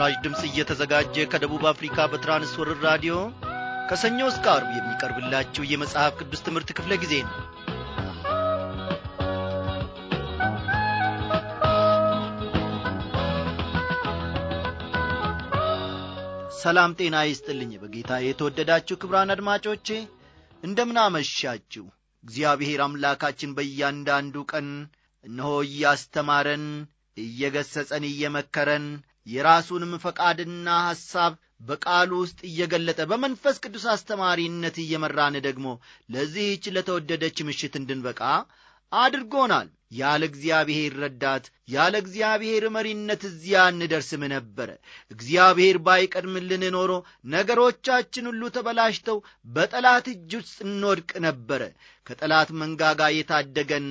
ለምሥራች ድምፅ እየተዘጋጀ ከደቡብ አፍሪካ በትራንስወርር ራዲዮ ከሰኞ እስከ አርብ የሚቀርብላችሁ የመጽሐፍ ቅዱስ ትምህርት ክፍለ ጊዜ ነው። ሰላም ጤና ይስጥልኝ። በጌታ የተወደዳችሁ ክብራን አድማጮቼ እንደምን አመሻችሁ። እግዚአብሔር አምላካችን በእያንዳንዱ ቀን እነሆ እያስተማረን፣ እየገሰጸን፣ እየመከረን የራሱንም ፈቃድና ሐሳብ በቃሉ ውስጥ እየገለጠ በመንፈስ ቅዱስ አስተማሪነት እየመራን ደግሞ ለዚህች ለተወደደች ምሽት እንድንበቃ አድርጎናል። ያለ እግዚአብሔር ረዳት ያለ እግዚአብሔር መሪነት እዚያ እንደርስም ነበረ። እግዚአብሔር ባይቀድምልን ኖሮ ነገሮቻችን ሁሉ ተበላሽተው በጠላት እጅ ውስጥ እንወድቅ ነበረ። ከጠላት መንጋጋ የታደገን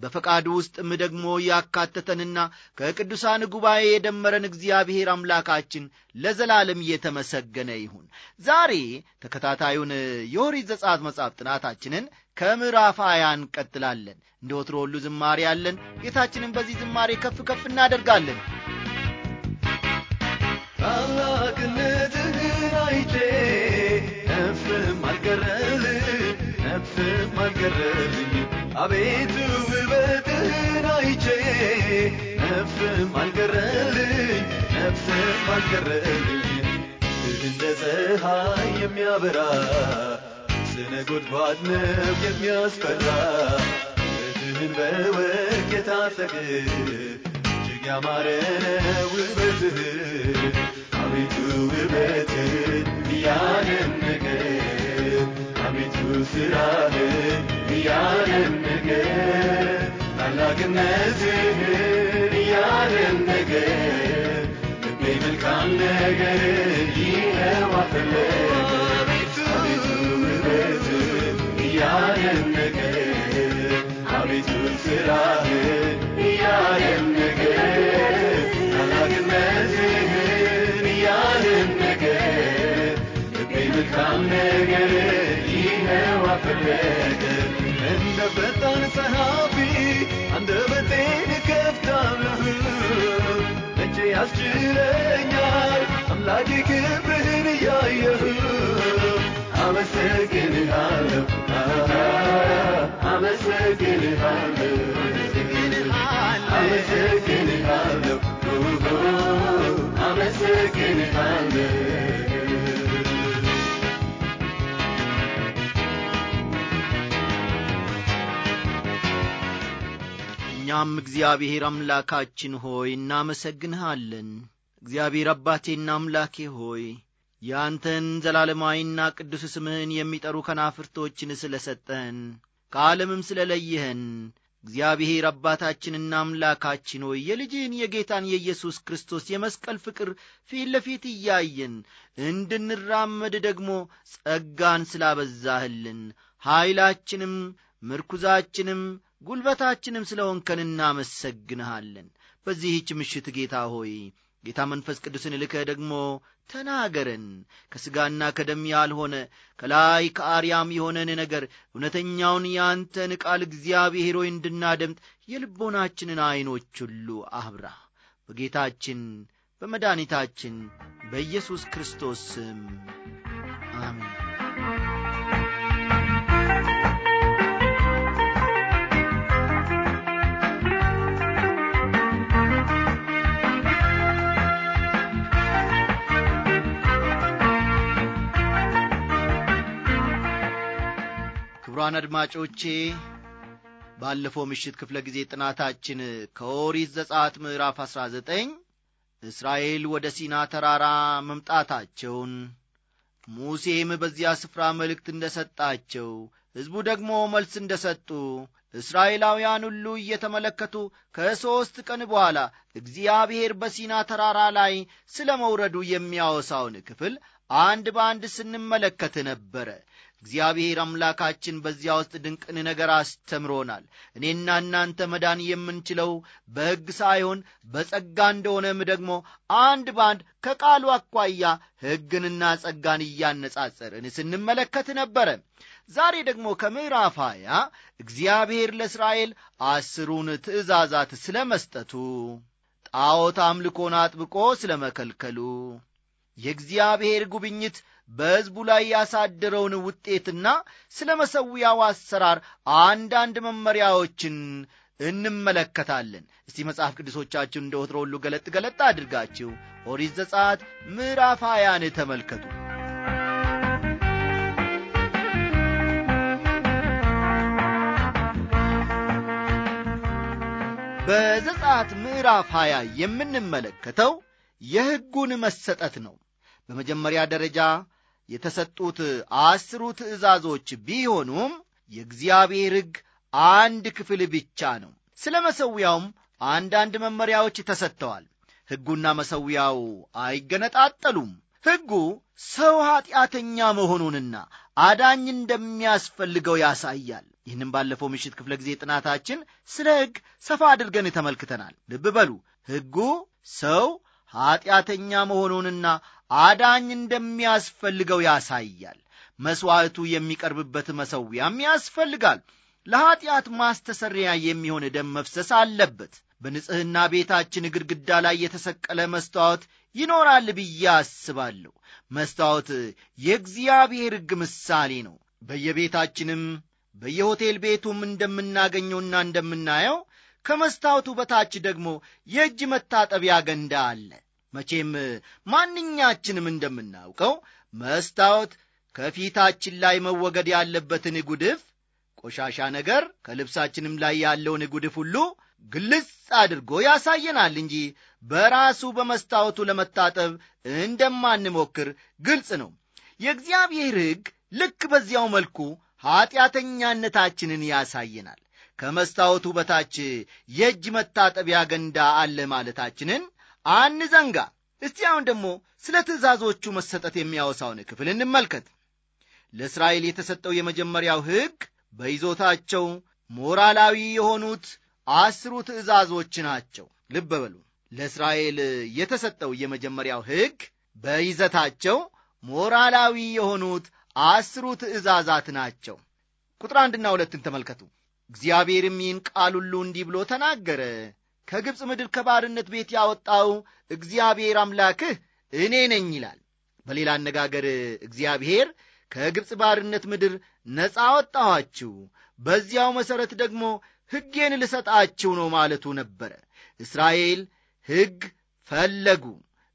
በፈቃዱ ውስጥም ደግሞ ያካተተንና ከቅዱሳን ጉባኤ የደመረን እግዚአብሔር አምላካችን ለዘላለም እየተመሰገነ ይሁን። ዛሬ ተከታታዩን የኦሪት ዘጸአት መጽሐፍ ጥናታችንን ከምዕራፍ ሃያ እንቀጥላለን። እንደ ወትሮ ሁሉ ዝማሬ ያለን ጌታችንን በዚህ ዝማሬ ከፍ ከፍ እናደርጋለን። ታላቅነትህን አይቼ ነፍስም አልገረልህ ነፍስም አልቀረልኝ አቤት ውበት አይቼ ነፍስም አልቀረልኝ ነፍስም አልቀረልኝ እንደ ፀሐይ የሚያበራ ስነ ጉድጓድ ነው የሚያስፈራ ውበትህን በወርቅ የታጠቅ እጅግ ያማረ ውበትህ አቤቱ ውበትህ ያንን የቤቱ ስራ እያደነቀ ታላቅነትህን እያደነቀ ልቤ መልካም ነገር ይኸው አቤቱ ውበት እያደነቀ አቤቱ ስራህ ሰሃቢ አንደበቴን እከፍታለሁ መቼ ያስችለኛል አምላኬ ክብርህን እያየሁ አመሰግንሃለሁ አመሰግንሃለሁ አመሰግንሃለሁ አመሰግንሃለሁ እኛም እግዚአብሔር አምላካችን ሆይ እናመሰግንሃለን። እግዚአብሔር አባቴና አምላኬ ሆይ ያንተን ዘላለማዊና ቅዱስ ስምህን የሚጠሩ ከናፍርቶችን ስለ ሰጠን ከዓለምም ስለ ለየህን እግዚአብሔር አባታችንና አምላካችን ሆይ የልጅህን የጌታን የኢየሱስ ክርስቶስ የመስቀል ፍቅር ፊት ለፊት እያየን እንድንራመድ ደግሞ ጸጋን ስላበዛህልን ኀይላችንም ምርኩዛችንም ጉልበታችንም ስለ ሆንከን እናመሰግንሃለን። በዚህች ምሽት ጌታ ሆይ ጌታ መንፈስ ቅዱስን ልከህ ደግሞ ተናገረን። ከሥጋና ከደም ያልሆነ ከላይ ከአርያም የሆነን ነገር እውነተኛውን የአንተን ቃል እግዚአብሔር ሆይ እንድናደምጥ የልቦናችንን ዐይኖች ሁሉ አብራ። በጌታችን በመድኃኒታችን በኢየሱስ ክርስቶስ ስም አሜን። ክቡራን አድማጮቼ ባለፈው ምሽት ክፍለ ጊዜ ጥናታችን ከኦሪት ዘጻት ምዕራፍ 19 እስራኤል ወደ ሲና ተራራ መምጣታቸውን ሙሴም በዚያ ስፍራ መልእክት እንደ ሰጣቸው ሕዝቡ ደግሞ መልስ እንደ ሰጡ እስራኤላውያን ሁሉ እየተመለከቱ ከሦስት ቀን በኋላ እግዚአብሔር በሲና ተራራ ላይ ስለ መውረዱ የሚያወሳውን ክፍል አንድ በአንድ ስንመለከት ነበረ እግዚአብሔር አምላካችን በዚያ ውስጥ ድንቅን ነገር አስተምሮናል። እኔና እናንተ መዳን የምንችለው በሕግ ሳይሆን በጸጋ እንደሆነም ደግሞ አንድ በአንድ ከቃሉ አኳያ ሕግንና ጸጋን እያነጻጸርን ስንመለከት ነበረ። ዛሬ ደግሞ ከምዕራፍ ሀያ እግዚአብሔር ለእስራኤል አስሩን ትእዛዛት ስለ መስጠቱ፣ ጣዖት አምልኮን አጥብቆ ስለ መከልከሉ፣ የእግዚአብሔር ጉብኝት በሕዝቡ ላይ ያሳደረውን ውጤትና ስለ መሠዊያው አሰራር አንዳንድ መመሪያዎችን እንመለከታለን። እስቲ መጽሐፍ ቅዱሶቻችሁን እንደ ወትሮ ሁሉ ገለጥ ገለጥ አድርጋችሁ ኦሪት ዘጸአት ምዕራፍ ሀያን ተመልከቱ። በዘጸአት ምዕራፍ ሀያ የምንመለከተው የሕጉን መሰጠት ነው። በመጀመሪያ ደረጃ የተሰጡት አስሩ ትእዛዞች ቢሆኑም የእግዚአብሔር ሕግ አንድ ክፍል ብቻ ነው። ስለ መሠዊያውም አንዳንድ መመሪያዎች ተሰጥተዋል። ሕጉና መሠዊያው አይገነጣጠሉም። ሕጉ ሰው ኀጢአተኛ መሆኑንና አዳኝ እንደሚያስፈልገው ያሳያል። ይህንም ባለፈው ምሽት ክፍለ ጊዜ ጥናታችን ስለ ሕግ ሰፋ አድርገን ተመልክተናል። ልብ በሉ ሕጉ ሰው ኀጢአተኛ መሆኑንና አዳኝ እንደሚያስፈልገው ያሳያል። መሥዋዕቱ የሚቀርብበት መሠዊያም ያስፈልጋል። ለኀጢአት ማስተሰሪያ የሚሆን ደም መፍሰስ አለበት። በንጽሕና ቤታችን ግድግዳ ላይ የተሰቀለ መስታወት ይኖራል ብዬ አስባለሁ። መስታወት የእግዚአብሔር ሕግ ምሳሌ ነው። በየቤታችንም በየሆቴል ቤቱም እንደምናገኘውና እንደምናየው ከመስታወቱ በታች ደግሞ የእጅ መታጠቢያ ገንዳ አለ። መቼም ማንኛችንም እንደምናውቀው መስታወት ከፊታችን ላይ መወገድ ያለበትን ጉድፍ፣ ቆሻሻ ነገር ከልብሳችንም ላይ ያለውን ጉድፍ ሁሉ ግልጽ አድርጎ ያሳየናል እንጂ በራሱ በመስታወቱ ለመታጠብ እንደማንሞክር ግልጽ ነው። የእግዚአብሔር ሕግ ልክ በዚያው መልኩ ኀጢአተኛነታችንን ያሳየናል። ከመስታወቱ በታች የእጅ መታጠቢያ ገንዳ አለ ማለታችንን አንዘንጋ። እስቲ አሁን ደግሞ ስለ ትእዛዞቹ መሰጠት የሚያወሳውን ክፍል እንመልከት። ለእስራኤል የተሰጠው የመጀመሪያው ሕግ በይዞታቸው ሞራላዊ የሆኑት አስሩ ትእዛዞች ናቸው። ልብ በሉ። ለእስራኤል የተሰጠው የመጀመሪያው ሕግ በይዘታቸው ሞራላዊ የሆኑት አስሩ ትእዛዛት ናቸው። ቁጥር አንድና ሁለትን ተመልከቱ። እግዚአብሔርም ይህን ቃል ሁሉ እንዲህ ብሎ ተናገረ ከግብፅ ምድር ከባርነት ቤት ያወጣው እግዚአብሔር አምላክህ እኔ ነኝ ይላል። በሌላ አነጋገር እግዚአብሔር ከግብፅ ባርነት ምድር ነፃ ወጣኋችሁ በዚያው መሠረት ደግሞ ሕጌን ልሰጣችሁ ነው ማለቱ ነበረ። እስራኤል ሕግ ፈለጉ፣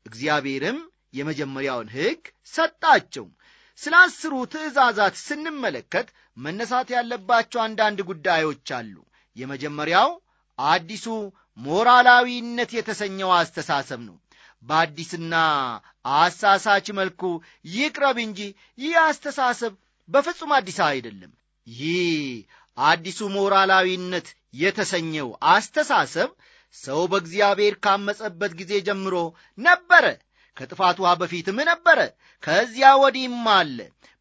እግዚአብሔርም የመጀመሪያውን ሕግ ሰጣቸው። ስለ አስሩ ትእዛዛት ስንመለከት መነሳት ያለባቸው አንዳንድ ጉዳዮች አሉ። የመጀመሪያው አዲሱ ሞራላዊነት የተሰኘው አስተሳሰብ ነው። በአዲስና አሳሳች መልኩ ይቅረብ እንጂ ይህ አስተሳሰብ በፍጹም አዲስ አይደለም። ይህ አዲሱ ሞራላዊነት የተሰኘው አስተሳሰብ ሰው በእግዚአብሔር ካመጸበት ጊዜ ጀምሮ ነበረ። ከጥፋት ውሃ በፊትም ነበረ፣ ከዚያ ወዲህም አለ።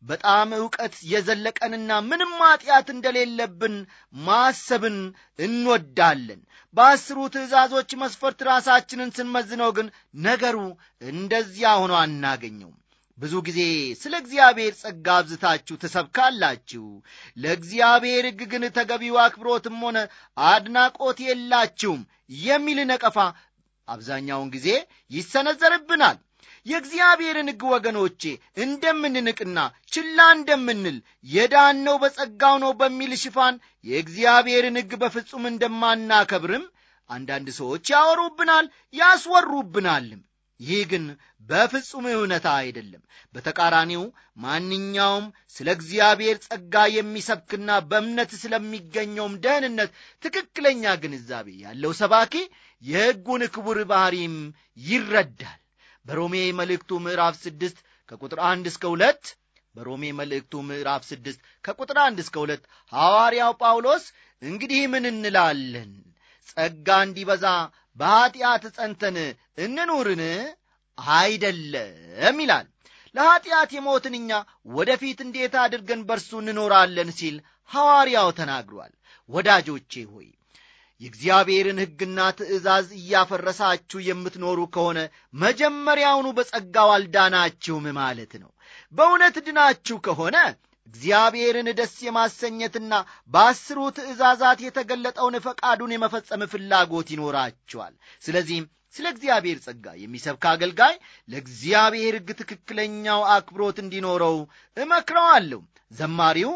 በጣም ዕውቀት የዘለቀንና ምንም ኃጢአት እንደሌለብን ማሰብን እንወዳለን። በአስሩ ትእዛዞች መስፈርት ራሳችንን ስንመዝነው ግን ነገሩ እንደዚያ ሆኖ አናገኘውም። ብዙ ጊዜ ስለ እግዚአብሔር ጸጋ አብዝታችሁ ትሰብካላችሁ፣ ለእግዚአብሔር ሕግ ግን ተገቢው አክብሮትም ሆነ አድናቆት የላችሁም የሚል ነቀፋ አብዛኛውን ጊዜ ይሰነዘርብናል። የእግዚአብሔርን ሕግ ወገኖቼ እንደምንንቅና ችላ እንደምንል የዳነው በጸጋው ነው በሚል ሽፋን የእግዚአብሔርን ሕግ በፍጹም እንደማናከብርም አንዳንድ ሰዎች ያወሩብናል፣ ያስወሩብናልም። ይህ ግን በፍጹም እውነታ አይደለም። በተቃራኒው ማንኛውም ስለ እግዚአብሔር ጸጋ የሚሰብክና በእምነት ስለሚገኘውም ደህንነት ትክክለኛ ግንዛቤ ያለው ሰባኪ የሕጉን ክቡር ባሕሪም ይረዳል። በሮሜ መልእክቱ ምዕራፍ ስድስት ከቁጥር አንድ እስከ ሁለት በሮሜ መልእክቱ ምዕራፍ ስድስት ከቁጥር አንድ እስከ ሁለት ሐዋርያው ጳውሎስ እንግዲህ ምን እንላለን? ጸጋ እንዲበዛ በኀጢአት ጸንተን እንኑርን? አይደለም ይላል። ለኀጢአት የሞትን እኛ ወደፊት እንዴት አድርገን በርሱ እንኖራለን ሲል ሐዋርያው ተናግሯል። ወዳጆቼ ሆይ የእግዚአብሔርን ሕግና ትእዛዝ እያፈረሳችሁ የምትኖሩ ከሆነ መጀመሪያውኑ በጸጋው አልዳናችሁም ማለት ነው። በእውነት ድናችሁ ከሆነ እግዚአብሔርን ደስ የማሰኘትና በአስሩ ትእዛዛት የተገለጠውን ፈቃዱን የመፈጸም ፍላጎት ይኖራችኋል። ስለዚህም ስለ እግዚአብሔር ጸጋ የሚሰብክ አገልጋይ ለእግዚአብሔር ሕግ ትክክለኛው አክብሮት እንዲኖረው እመክረዋለሁ። ዘማሪው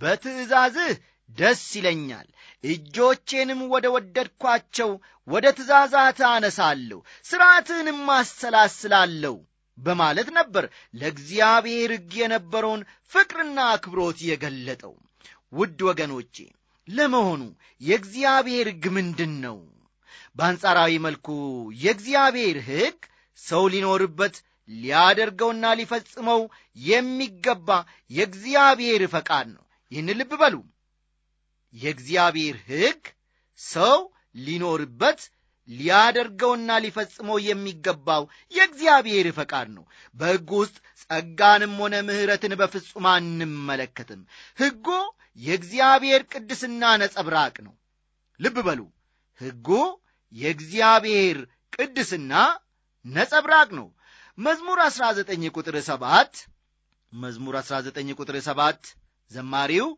በትእዛዝህ ደስ ይለኛል። እጆቼንም ወደ ወደድኳቸው ወደ ትእዛዛት አነሳለሁ፣ ሥርዓትህንም አሰላስላለሁ በማለት ነበር ለእግዚአብሔር ሕግ የነበረውን ፍቅርና አክብሮት የገለጠው። ውድ ወገኖቼ፣ ለመሆኑ የእግዚአብሔር ሕግ ምንድን ነው? በአንጻራዊ መልኩ የእግዚአብሔር ሕግ ሰው ሊኖርበት ሊያደርገውና ሊፈጽመው የሚገባ የእግዚአብሔር ፈቃድ ነው። ይህን ልብ በሉ። የእግዚአብሔር ሕግ ሰው ሊኖርበት ሊያደርገውና ሊፈጽመው የሚገባው የእግዚአብሔር ፈቃድ ነው። በሕግ ውስጥ ጸጋንም ሆነ ምሕረትን በፍጹም አንመለከትም። ሕጉ የእግዚአብሔር ቅድስና ነጸብራቅ ነው። ልብ በሉ፣ ሕጉ የእግዚአብሔር ቅድስና ነጸብራቅ ነው። መዝሙር 19 ቁጥር 7 መዝሙር 19 ቁጥር 7 ዘማሪው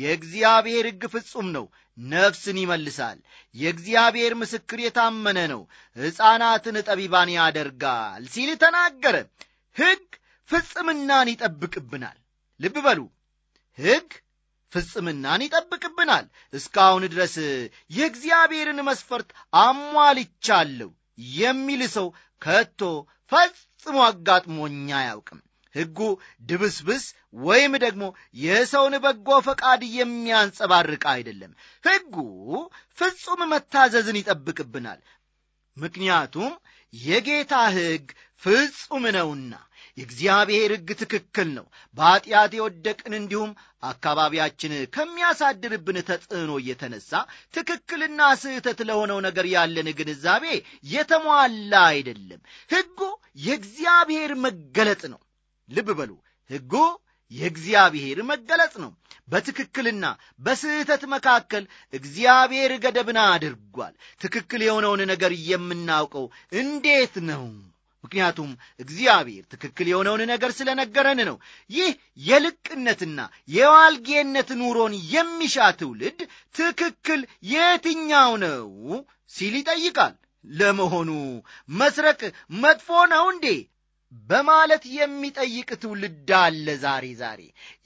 የእግዚአብሔር ሕግ ፍጹም ነው፣ ነፍስን ይመልሳል። የእግዚአብሔር ምስክር የታመነ ነው፣ ሕፃናትን ጠቢባን ያደርጋል ሲል ተናገረ። ሕግ ፍጽምናን ይጠብቅብናል። ልብ በሉ፣ ሕግ ፍጽምናን ይጠብቅብናል። እስካሁን ድረስ የእግዚአብሔርን መስፈርት አሟልቻለሁ የሚል ሰው ከቶ ፈጽሞ አጋጥሞኝ አያውቅም። ሕጉ ድብስብስ ወይም ደግሞ የሰውን በጎ ፈቃድ የሚያንጸባርቅ አይደለም። ሕጉ ፍጹም መታዘዝን ይጠብቅብናል። ምክንያቱም የጌታ ሕግ ፍጹም ነውና። የእግዚአብሔር ሕግ ትክክል ነው። በኀጢአት የወደቅን እንዲሁም አካባቢያችን ከሚያሳድርብን ተጽዕኖ እየተነሳ ትክክልና ስህተት ለሆነው ነገር ያለን ግንዛቤ የተሟላ አይደለም። ሕጉ የእግዚአብሔር መገለጥ ነው። ልብ በሉ ሕጉ የእግዚአብሔር መገለጽ ነው። በትክክልና በስህተት መካከል እግዚአብሔር ገደብን አድርጓል። ትክክል የሆነውን ነገር የምናውቀው እንዴት ነው? ምክንያቱም እግዚአብሔር ትክክል የሆነውን ነገር ስለነገረን ነው። ይህ የልቅነትና የዋልጌነት ኑሮን የሚሻ ትውልድ ትክክል የትኛው ነው ሲል ይጠይቃል። ለመሆኑ መስረቅ መጥፎ ነው እንዴ? በማለት የሚጠይቅ ትውልድ አለ ዛሬ ዛሬ።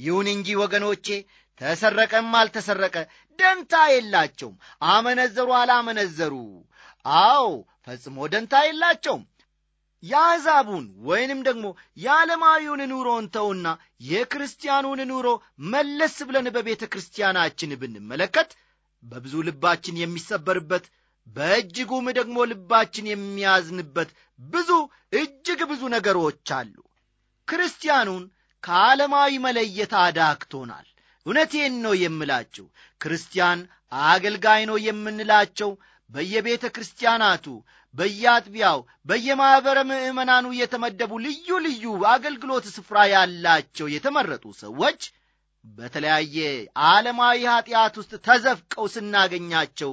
ይሁን እንጂ ወገኖቼ ተሰረቀም አልተሰረቀ ደንታ የላቸውም። አመነዘሩ አላመነዘሩ፣ አዎ ፈጽሞ ደንታ የላቸውም። የአሕዛቡን ወይንም ደግሞ የዓለማዊውን ኑሮ እንተውና የክርስቲያኑን ኑሮ መለስ ብለን በቤተ ክርስቲያናችን ብንመለከት በብዙ ልባችን የሚሰበርበት በእጅጉም ደግሞ ልባችን የሚያዝንበት ብዙ እጅግ ብዙ ነገሮች አሉ። ክርስቲያኑን ከዓለማዊ መለየት አዳክቶናል። እውነቴን ነው የምላችሁ ክርስቲያን አገልጋይ ነው የምንላቸው በየቤተ ክርስቲያናቱ፣ በየአጥቢያው፣ በየማኅበረ ምዕመናኑ የተመደቡ ልዩ ልዩ አገልግሎት ስፍራ ያላቸው የተመረጡ ሰዎች በተለያየ ዓለማዊ ኀጢአት ውስጥ ተዘፍቀው ስናገኛቸው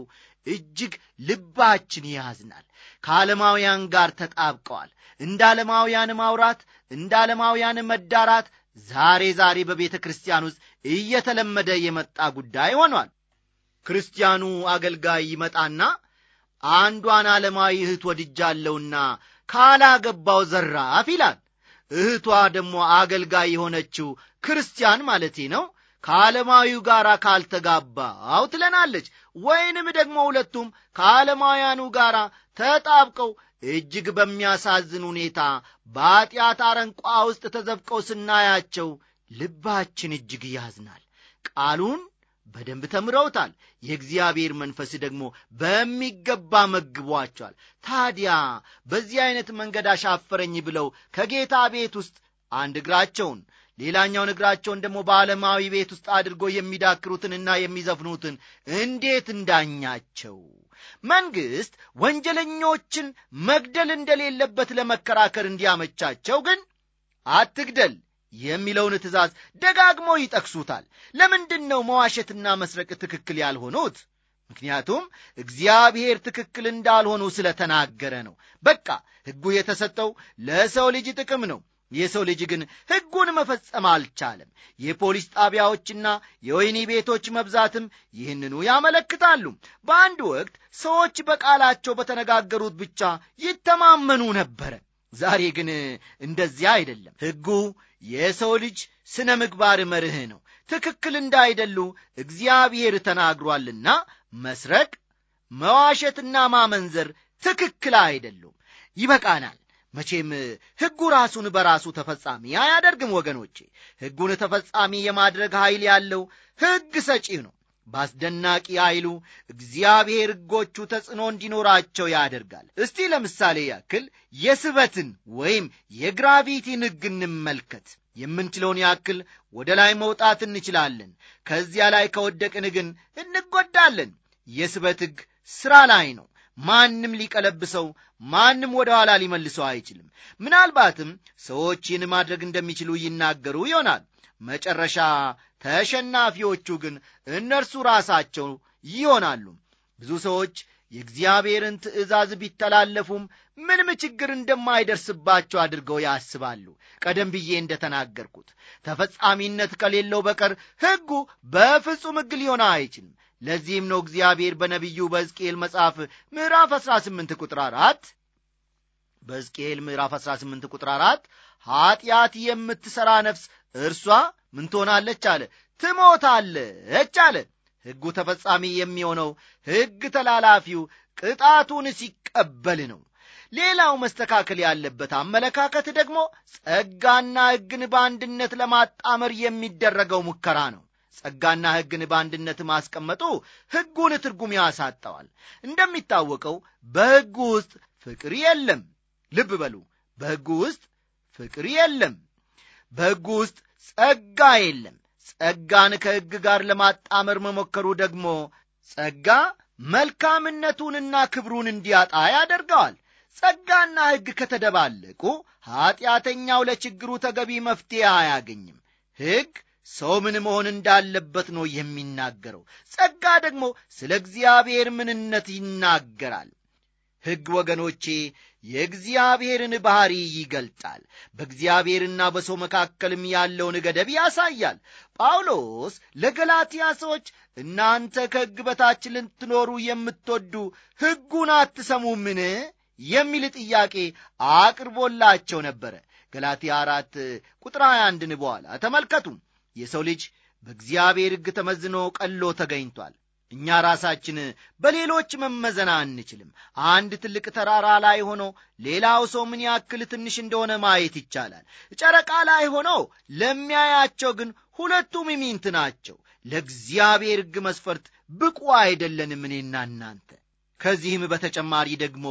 እጅግ ልባችን ያዝናል። ከዓለማውያን ጋር ተጣብቀዋል። እንደ ዓለማውያን ማውራት፣ እንደ ዓለማውያን መዳራት ዛሬ ዛሬ በቤተ ክርስቲያን ውስጥ እየተለመደ የመጣ ጉዳይ ሆኗል። ክርስቲያኑ አገልጋይ ይመጣና አንዷን ዓለማዊ እህት ወድጃለውና ካላገባው ዘራፍ ይላል። እህቷ ደግሞ አገልጋይ የሆነችው ክርስቲያን ማለቴ ነው ከዓለማዊው ጋር ካልተጋባው ትለናለች። ወይንም ደግሞ ሁለቱም ከዓለማውያኑ ጋር ተጣብቀው እጅግ በሚያሳዝን ሁኔታ በኀጢአት አረንቋ ውስጥ ተዘብቀው ስናያቸው ልባችን እጅግ ያዝናል። ቃሉን በደንብ ተምረውታል። የእግዚአብሔር መንፈስ ደግሞ በሚገባ መግቧቸዋል። ታዲያ በዚህ ዐይነት መንገድ አሻፈረኝ ብለው ከጌታ ቤት ውስጥ አንድ እግራቸውን ሌላኛውን እግራቸውን ደግሞ በዓለማዊ ቤት ውስጥ አድርጎ የሚዳክሩትንና የሚዘፍኑትን እንዴት እንዳኛቸው። መንግሥት ወንጀለኞችን መግደል እንደሌለበት ለመከራከር እንዲያመቻቸው ግን አትግደል የሚለውን ትእዛዝ ደጋግሞ ይጠቅሱታል። ለምንድን ነው መዋሸትና መስረቅ ትክክል ያልሆኑት? ምክንያቱም እግዚአብሔር ትክክል እንዳልሆኑ ስለተናገረ ነው። በቃ ሕጉ የተሰጠው ለሰው ልጅ ጥቅም ነው። የሰው ልጅ ግን ሕጉን መፈጸም አልቻለም። የፖሊስ ጣቢያዎችና የወይኒ ቤቶች መብዛትም ይህንኑ ያመለክታሉ። በአንድ ወቅት ሰዎች በቃላቸው በተነጋገሩት ብቻ ይተማመኑ ነበረ። ዛሬ ግን እንደዚያ አይደለም። ሕጉ የሰው ልጅ ስነ ምግባር መርህ ነው። ትክክል እንዳይደሉ እግዚአብሔር ተናግሯልና መስረቅ፣ መዋሸትና ማመንዘር ትክክል አይደሉም። ይበቃናል። መቼም ሕጉ ራሱን በራሱ ተፈጻሚ አያደርግም ወገኖቼ። ሕጉን ተፈጻሚ የማድረግ ኃይል ያለው ሕግ ሰጪው ነው። በአስደናቂ ኃይሉ እግዚአብሔር ሕጎቹ ተጽዕኖ እንዲኖራቸው ያደርጋል። እስቲ ለምሳሌ ያክል የስበትን ወይም የግራቪቲን ሕግ እንመልከት። የምንችለውን ያክል ወደ ላይ መውጣት እንችላለን። ከዚያ ላይ ከወደቅን ግን እንጎዳለን። የስበት ሕግ ሥራ ላይ ነው። ማንም ሊቀለብሰው፣ ማንም ወደ ኋላ ሊመልሰው አይችልም። ምናልባትም ሰዎች ይህን ማድረግ እንደሚችሉ ይናገሩ ይሆናል። መጨረሻ ተሸናፊዎቹ ግን እነርሱ ራሳቸው ይሆናሉ። ብዙ ሰዎች የእግዚአብሔርን ትእዛዝ ቢተላለፉም ምንም ችግር እንደማይደርስባቸው አድርገው ያስባሉ። ቀደም ብዬ እንደ ተናገርኩት ተፈጻሚነት ከሌለው በቀር ሕጉ በፍጹም ሕግ ሊሆን አይችልም። ለዚህም ነው እግዚአብሔር በነቢዩ በሕዝቅኤል መጽሐፍ ምዕራፍ 18 ቁጥር 4 በሕዝቅኤል ምዕራፍ 18 ቁጥር 4 ኀጢአት የምትሠራ ነፍስ እርሷ ምን ትሆናለች አለ ትሞታለች አለ ሕጉ ተፈጻሚ የሚሆነው ሕግ ተላላፊው ቅጣቱን ሲቀበል ነው። ሌላው መስተካከል ያለበት አመለካከት ደግሞ ጸጋና ሕግን በአንድነት ለማጣመር የሚደረገው ሙከራ ነው። ጸጋና ሕግን በአንድነት ማስቀመጡ ሕጉን ትርጉም ያሳጠዋል። እንደሚታወቀው በሕጉ ውስጥ ፍቅር የለም። ልብ በሉ፣ በሕጉ ውስጥ ፍቅር የለም። በሕጉ ውስጥ ጸጋ የለም። ጸጋን ከሕግ ጋር ለማጣመር መሞከሩ ደግሞ ጸጋ መልካምነቱንና ክብሩን እንዲያጣ ያደርገዋል። ጸጋና ሕግ ከተደባለቁ ኀጢአተኛው ለችግሩ ተገቢ መፍትሄ አያገኝም። ሕግ ሰው ምን መሆን እንዳለበት ነው የሚናገረው። ጸጋ ደግሞ ስለ እግዚአብሔር ምንነት ይናገራል። ሕግ ወገኖቼ የእግዚአብሔርን ባሕሪ ይገልጣል። በእግዚአብሔርና በሰው መካከልም ያለውን ገደብ ያሳያል። ጳውሎስ ለገላትያ ሰዎች እናንተ ከሕግ በታች ልትኖሩ የምትወዱ ሕጉን አትሰሙምን የሚል ጥያቄ አቅርቦላቸው ነበረ። ገላትያ አራት ቁጥር 21 በኋላ ተመልከቱ። የሰው ልጅ በእግዚአብሔር ሕግ ተመዝኖ ቀሎ ተገኝቷል። እኛ ራሳችን በሌሎች መመዘን አንችልም። አንድ ትልቅ ተራራ ላይ ሆኖ ሌላው ሰው ምን ያክል ትንሽ እንደሆነ ማየት ይቻላል። ጨረቃ ላይ ሆኖ ለሚያያቸው ግን ሁለቱም ሚሚንት ናቸው። ለእግዚአብሔር ሕግ መስፈርት ብቁ አይደለንም እኔና እናንተ። ከዚህም በተጨማሪ ደግሞ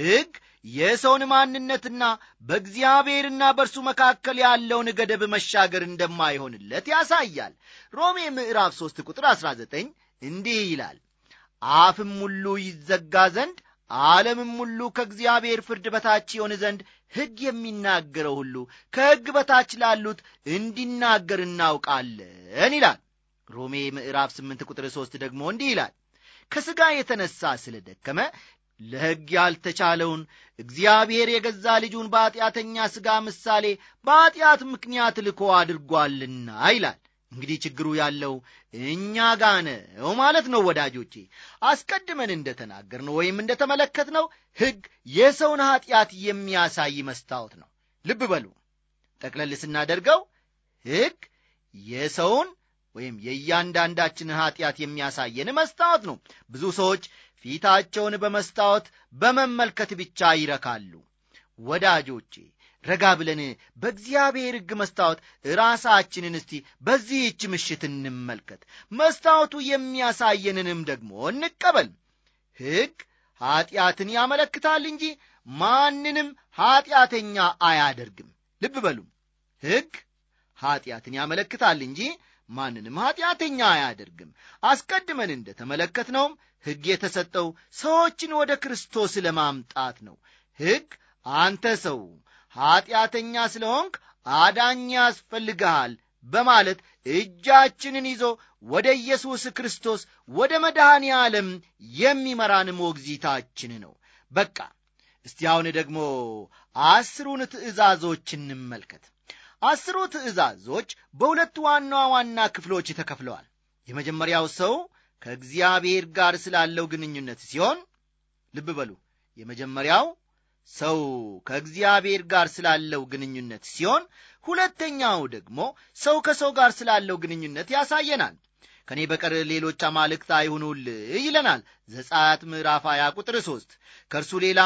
ሕግ የሰውን ማንነትና በእግዚአብሔርና በእርሱ መካከል ያለውን ገደብ መሻገር እንደማይሆንለት ያሳያል። ሮሜ ምዕራፍ 3 ቁጥር 19 እንዲህ ይላል አፍም ሁሉ ይዘጋ ዘንድ ዓለምም ሁሉ ከእግዚአብሔር ፍርድ በታች የሆነ ዘንድ ሕግ የሚናገረው ሁሉ ከሕግ በታች ላሉት እንዲናገር እናውቃለን ይላል ሮሜ ምዕራፍ 8 ቁጥር 3 ደግሞ እንዲህ ይላል ከሥጋ የተነሣ ስለ ደከመ ለሕግ ያልተቻለውን እግዚአብሔር የገዛ ልጁን በኀጢአተኛ ሥጋ ምሳሌ በኀጢአት ምክንያት ልኮ አድርጓልና ይላል እንግዲህ ችግሩ ያለው እኛ ጋ ነው ማለት ነው። ወዳጆቼ አስቀድመን ነው ወይም ነው ሕግ የሰውን ኀጢአት የሚያሳይ መስታወት ነው። ልብ በሉ፣ ጠቅለል ስናደርገው ሕግ የሰውን ወይም የእያንዳንዳችንን ኀጢአት የሚያሳየን መስታወት ነው። ብዙ ሰዎች ፊታቸውን በመስታወት በመመልከት ብቻ ይረካሉ። ወዳጆቼ ረጋ ብለን በእግዚአብሔር ሕግ መስታወት ራሳችንን እስቲ በዚህች ምሽት እንመልከት። መስታወቱ የሚያሳየንንም ደግሞ እንቀበል። ሕግ ኀጢአትን ያመለክታል እንጂ ማንንም ኀጢአተኛ አያደርግም። ልብ በሉ፣ ሕግ ኀጢአትን ያመለክታል እንጂ ማንንም ኀጢአተኛ አያደርግም። አስቀድመን እንደ ተመለከትነውም ሕግ የተሰጠው ሰዎችን ወደ ክርስቶስ ለማምጣት ነው። ሕግ አንተ ሰው ኀጢአተኛ ስለ ሆንክ አዳኝ ያስፈልግሃል በማለት እጃችንን ይዞ ወደ ኢየሱስ ክርስቶስ ወደ መድኃኒ ዓለም የሚመራን ሞግዚታችን ነው። በቃ እስቲ አሁን ደግሞ አስሩን ትእዛዞች እንመልከት። አስሩ ትእዛዞች በሁለት ዋና ዋና ክፍሎች ተከፍለዋል። የመጀመሪያው ሰው ከእግዚአብሔር ጋር ስላለው ግንኙነት ሲሆን ልብ በሉ የመጀመሪያው ሰው ከእግዚአብሔር ጋር ስላለው ግንኙነት ሲሆን ሁለተኛው ደግሞ ሰው ከሰው ጋር ስላለው ግንኙነት ያሳየናል። ከእኔ በቀር ሌሎች አማልክት አይሁኑል ይለናል ዘጸአት ምዕራፍ 20 ቁጥር 3 ከእርሱ ሌላ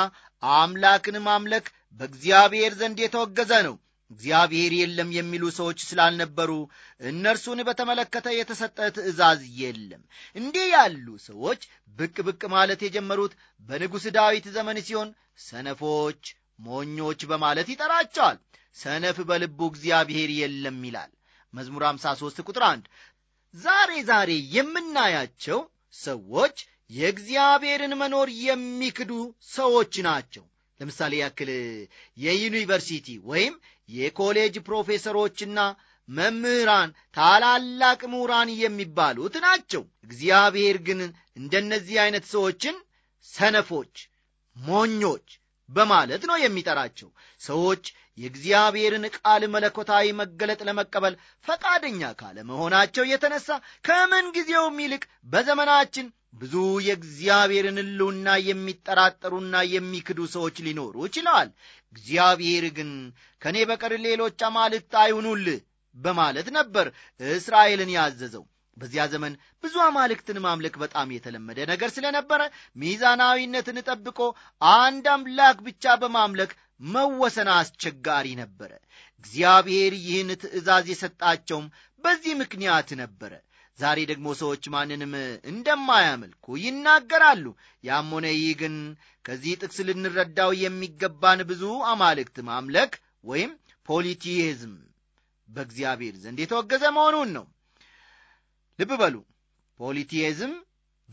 አምላክን ማምለክ በእግዚአብሔር ዘንድ የተወገዘ ነው እግዚአብሔር የለም የሚሉ ሰዎች ስላልነበሩ እነርሱን በተመለከተ የተሰጠ ትእዛዝ የለም። እንዲህ ያሉ ሰዎች ብቅ ብቅ ማለት የጀመሩት በንጉሥ ዳዊት ዘመን ሲሆን ሰነፎች፣ ሞኞች በማለት ይጠራቸዋል። ሰነፍ በልቡ እግዚአብሔር የለም ይላል መዝሙር 53 ቁጥር 1። ዛሬ ዛሬ የምናያቸው ሰዎች የእግዚአብሔርን መኖር የሚክዱ ሰዎች ናቸው። ለምሳሌ ያክል የዩኒቨርሲቲ ወይም የኮሌጅ ፕሮፌሰሮችና መምህራን ታላላቅ ምሁራን የሚባሉት ናቸው። እግዚአብሔር ግን እንደነዚህ አይነት ሰዎችን ሰነፎች፣ ሞኞች በማለት ነው የሚጠራቸው። ሰዎች የእግዚአብሔርን ቃል መለኮታዊ መገለጥ ለመቀበል ፈቃደኛ ካለመሆናቸው የተነሳ ከምን ጊዜውም ይልቅ በዘመናችን ብዙ የእግዚአብሔርን ሕልውና የሚጠራጠሩና የሚክዱ ሰዎች ሊኖሩ ይችለዋል። እግዚአብሔር ግን ከእኔ በቀር ሌሎች አማልክት አይሁኑልህ በማለት ነበር እስራኤልን ያዘዘው። በዚያ ዘመን ብዙ አማልክትን ማምለክ በጣም የተለመደ ነገር ስለነበረ ሚዛናዊነትን ጠብቆ አንድ አምላክ ብቻ በማምለክ መወሰን አስቸጋሪ ነበረ። እግዚአብሔር ይህን ትእዛዝ የሰጣቸውም በዚህ ምክንያት ነበረ። ዛሬ ደግሞ ሰዎች ማንንም እንደማያመልኩ ይናገራሉ። ያም ሆነ ይህ ግን ከዚህ ጥቅስ ልንረዳው የሚገባን ብዙ አማልክት ማምለክ ወይም ፖሊቲዝም በእግዚአብሔር ዘንድ የተወገዘ መሆኑን ነው። ልብ በሉ፣ ፖሊቲዝም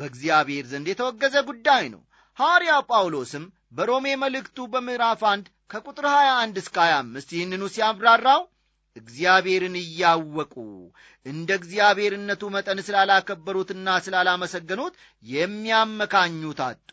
በእግዚአብሔር ዘንድ የተወገዘ ጉዳይ ነው። ሐዋርያ ጳውሎስም በሮሜ መልእክቱ በምዕራፍ አንድ ከቁጥር 21 እስከ 25 ይህንኑ ሲያብራራው እግዚአብሔርን እያወቁ እንደ እግዚአብሔርነቱ መጠን ስላላከበሩትና ስላላመሰገኑት የሚያመካኙ ታጡ።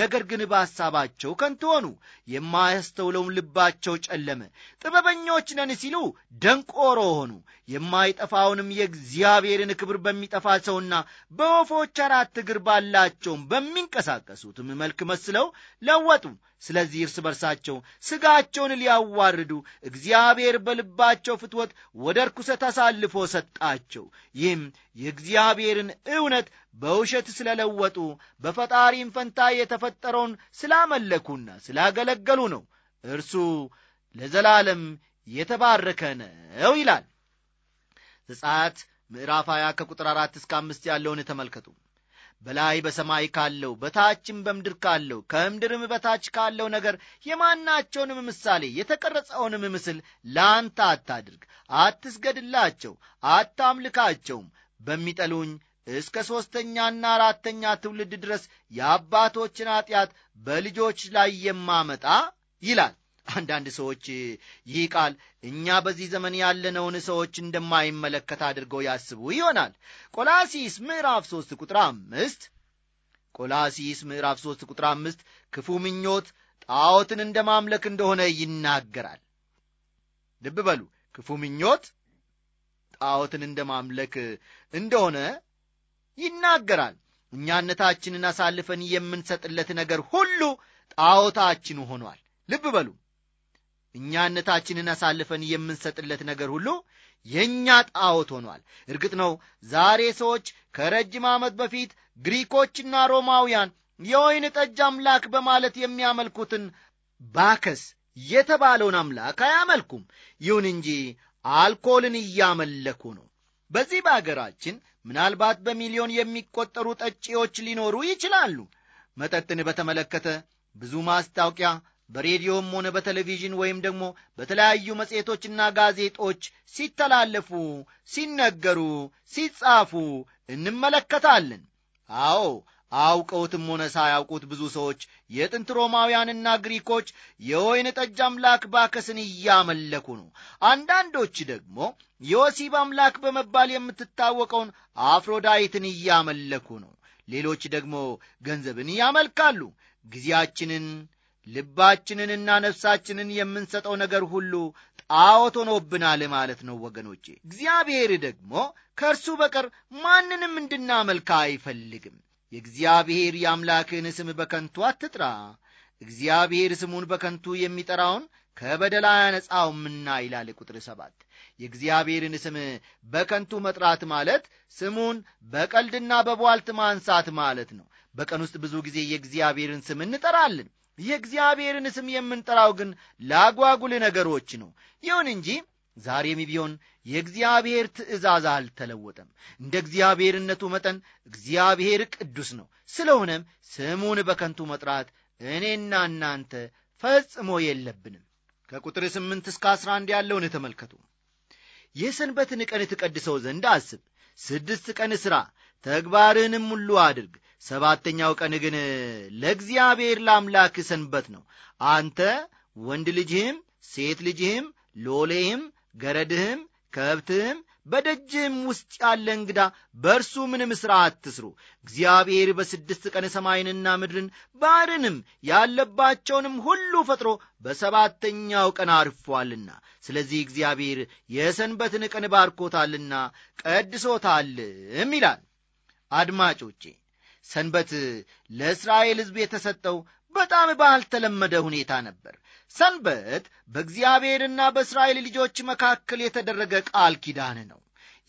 ነገር ግን በሐሳባቸው ከንቱ ሆኑ፣ የማያስተውለውም ልባቸው ጨለመ። ጥበበኞች ነን ሲሉ ደንቆሮ ሆኑ። የማይጠፋውንም የእግዚአብሔርን ክብር በሚጠፋ ሰውና በወፎች አራት እግር ባላቸውም በሚንቀሳቀሱትም መልክ መስለው ለወጡ። ስለዚህ እርስ በርሳቸው ሥጋቸውን ሊያዋርዱ እግዚአብሔር በልባቸው ፍትወት ወደ ርኩሰት አሳልፎ ሰጣቸው። ይህም የእግዚአብሔርን እውነት በውሸት ስለለወጡ በፈጣሪም ፈንታ የተፈጠረውን ስላመለኩና ስላገለገሉ ነው። እርሱ ለዘላለም የተባረከ ነው ይላል። ዘጸአት ምዕራፍ 20 ከቁጥር 4 እስከ 5 ያለውን ተመልከቱ። በላይ በሰማይ ካለው በታችም በምድር ካለው ከምድርም በታች ካለው ነገር የማናቸውንም ምሳሌ የተቀረጸውንም ምስል ለአንተ አታድርግ። አትስገድላቸው፣ አታምልካቸውም። በሚጠሉኝ እስከ ሦስተኛና አራተኛ ትውልድ ድረስ የአባቶችን ኀጢአት በልጆች ላይ የማመጣ ይላል። አንዳንድ ሰዎች ይህ ቃል እኛ በዚህ ዘመን ያለነውን ሰዎች እንደማይመለከት አድርገው ያስቡ ይሆናል። ቆላሲስ ምዕራፍ 3 ቁጥር አምስት ቆላሲስ ምዕራፍ 3 ቁጥር አምስት ክፉ ምኞት ጣዖትን እንደ ማምለክ እንደሆነ ይናገራል። ልብ በሉ ክፉ ምኞት ጣዖትን እንደ ማምለክ እንደሆነ ይናገራል። እኛነታችንን አሳልፈን የምንሰጥለት ነገር ሁሉ ጣዖታችን ሆኗል። ልብ በሉ እኛነታችንን አሳልፈን የምንሰጥለት ነገር ሁሉ የእኛ ጣዖት ሆኗል። እርግጥ ነው ዛሬ ሰዎች ከረጅም ዓመት በፊት ግሪኮችና ሮማውያን የወይን ጠጅ አምላክ በማለት የሚያመልኩትን ባከስ የተባለውን አምላክ አያመልኩም። ይሁን እንጂ አልኮልን እያመለኩ ነው። በዚህ በአገራችን ምናልባት በሚሊዮን የሚቆጠሩ ጠጪዎች ሊኖሩ ይችላሉ። መጠጥን በተመለከተ ብዙ ማስታወቂያ በሬዲዮም ሆነ በቴሌቪዥን ወይም ደግሞ በተለያዩ መጽሔቶችና ጋዜጦች ሲተላለፉ፣ ሲነገሩ፣ ሲጻፉ እንመለከታለን። አዎ አውቀውትም ሆነ ሳያውቁት ብዙ ሰዎች የጥንት ሮማውያንና ግሪኮች የወይን ጠጅ አምላክ ባከስን እያመለኩ ነው። አንዳንዶች ደግሞ የወሲብ አምላክ በመባል የምትታወቀውን አፍሮዳይትን እያመለኩ ነው። ሌሎች ደግሞ ገንዘብን ያመልካሉ። ጊዜያችንን ልባችንንና ነፍሳችንን የምንሰጠው ነገር ሁሉ ጣዖት ሆኖብናል ማለት ነው ወገኖቼ። እግዚአብሔር ደግሞ ከእርሱ በቀር ማንንም እንድናመልክ አይፈልግም። የእግዚአብሔር የአምላክህን ስም በከንቱ አትጥራ፣ እግዚአብሔር ስሙን በከንቱ የሚጠራውን ከበደላ ያነጻውምና ይላል ቁጥር ሰባት የእግዚአብሔርን ስም በከንቱ መጥራት ማለት ስሙን በቀልድና በቧልት ማንሳት ማለት ነው። በቀን ውስጥ ብዙ ጊዜ የእግዚአብሔርን ስም እንጠራለን። የእግዚአብሔርን ስም የምንጠራው ግን ላጓጉል ነገሮች ነው። ይሁን እንጂ ዛሬም ቢሆን የእግዚአብሔር ትእዛዝ አልተለወጠም። እንደ እግዚአብሔርነቱ መጠን እግዚአብሔር ቅዱስ ነው። ስለሆነም ስሙን በከንቱ መጥራት እኔና እናንተ ፈጽሞ የለብንም። ከቁጥር ስምንት እስከ አስራ አንድ ያለውን ተመልከቱ። የሰንበትን ቀን ትቀድሰው ዘንድ አስብ፣ ስድስት ቀን ሥራ፣ ተግባርህንም ሁሉ አድርግ፣ ሰባተኛው ቀን ግን ለእግዚአብሔር ለአምላክ ሰንበት ነው። አንተ ወንድ ልጅህም ሴት ልጅህም ሎሌህም ገረድህም ከብትህም በደጅህም ውስጥ ያለ እንግዳ በእርሱ ምንም ሥራ አትስሩ። እግዚአብሔር በስድስት ቀን ሰማይንና ምድርን ባርንም ያለባቸውንም ሁሉ ፈጥሮ በሰባተኛው ቀን አርፏልና፣ ስለዚህ እግዚአብሔር የሰንበትን ቀን ባርኮታልና ቀድሶታልም ይላል። አድማጮቼ ሰንበት ለእስራኤል ሕዝብ የተሰጠው በጣም ባልተለመደ ሁኔታ ነበር። ሰንበት በእግዚአብሔርና በእስራኤል ልጆች መካከል የተደረገ ቃል ኪዳን ነው።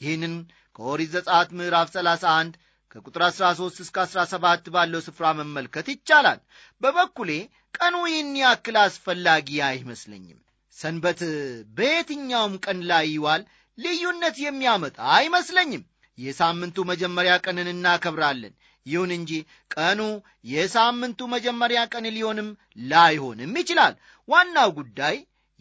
ይህንን ከኦሪት ዘጸአት ምዕራፍ 31 ከቁጥር 13 እስከ 17 ባለው ስፍራ መመልከት ይቻላል። በበኩሌ ቀኑ ይህን ያክል አስፈላጊ አይመስለኝም። ሰንበት በየትኛውም ቀን ላይ ይዋል ልዩነት የሚያመጣ አይመስለኝም። የሳምንቱ መጀመሪያ ቀንን እናከብራለን። ይሁን እንጂ ቀኑ የሳምንቱ መጀመሪያ ቀን ሊሆንም ላይሆንም ይችላል። ዋናው ጉዳይ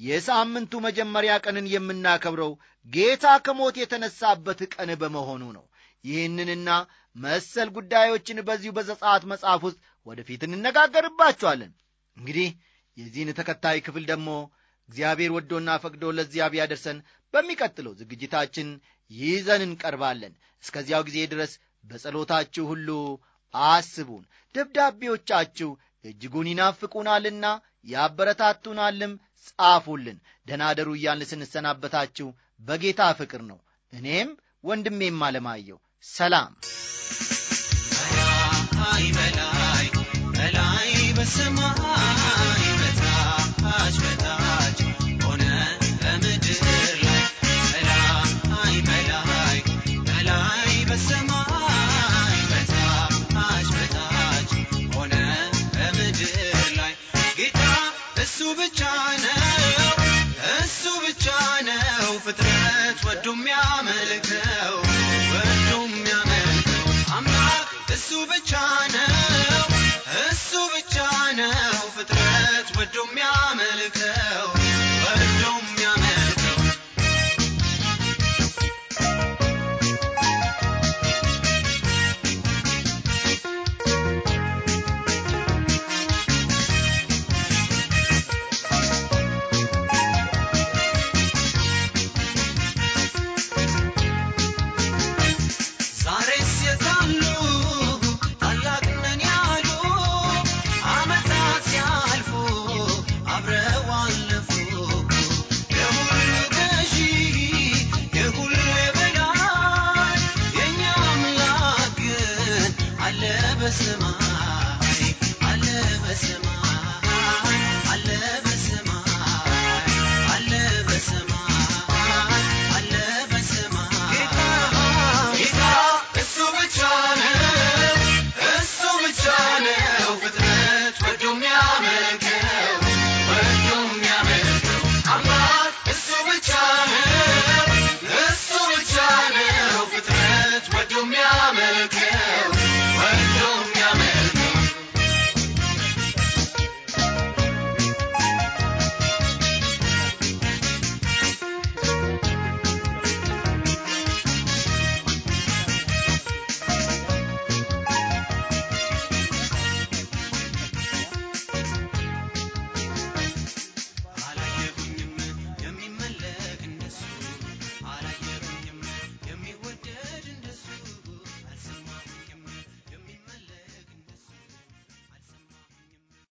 የሳምንቱ መጀመሪያ ቀንን የምናከብረው ጌታ ከሞት የተነሳበት ቀን በመሆኑ ነው። ይህንንና መሰል ጉዳዮችን በዚሁ በዘጸአት መጽሐፍ ውስጥ ወደፊት እንነጋገርባቸዋለን። እንግዲህ የዚህን ተከታይ ክፍል ደግሞ እግዚአብሔር ወዶና ፈቅዶ ለዚያ ቢያደርሰን በሚቀጥለው ዝግጅታችን ይዘን እንቀርባለን። እስከዚያው ጊዜ ድረስ በጸሎታችሁ ሁሉ አስቡን። ደብዳቤዎቻችሁ እጅጉን ይናፍቁናልና ያበረታቱናልም፣ ጻፉልን። ደናደሩ እያልን ስንሰናበታችሁ በጌታ ፍቅር ነው። እኔም ወንድሜም አለማየው ሰላም በላይ በሰማይ በታች በታች ወዶ የሚያመልከው ወዶ የሚያመልከው አምላክ እሱ ብቻ ነው።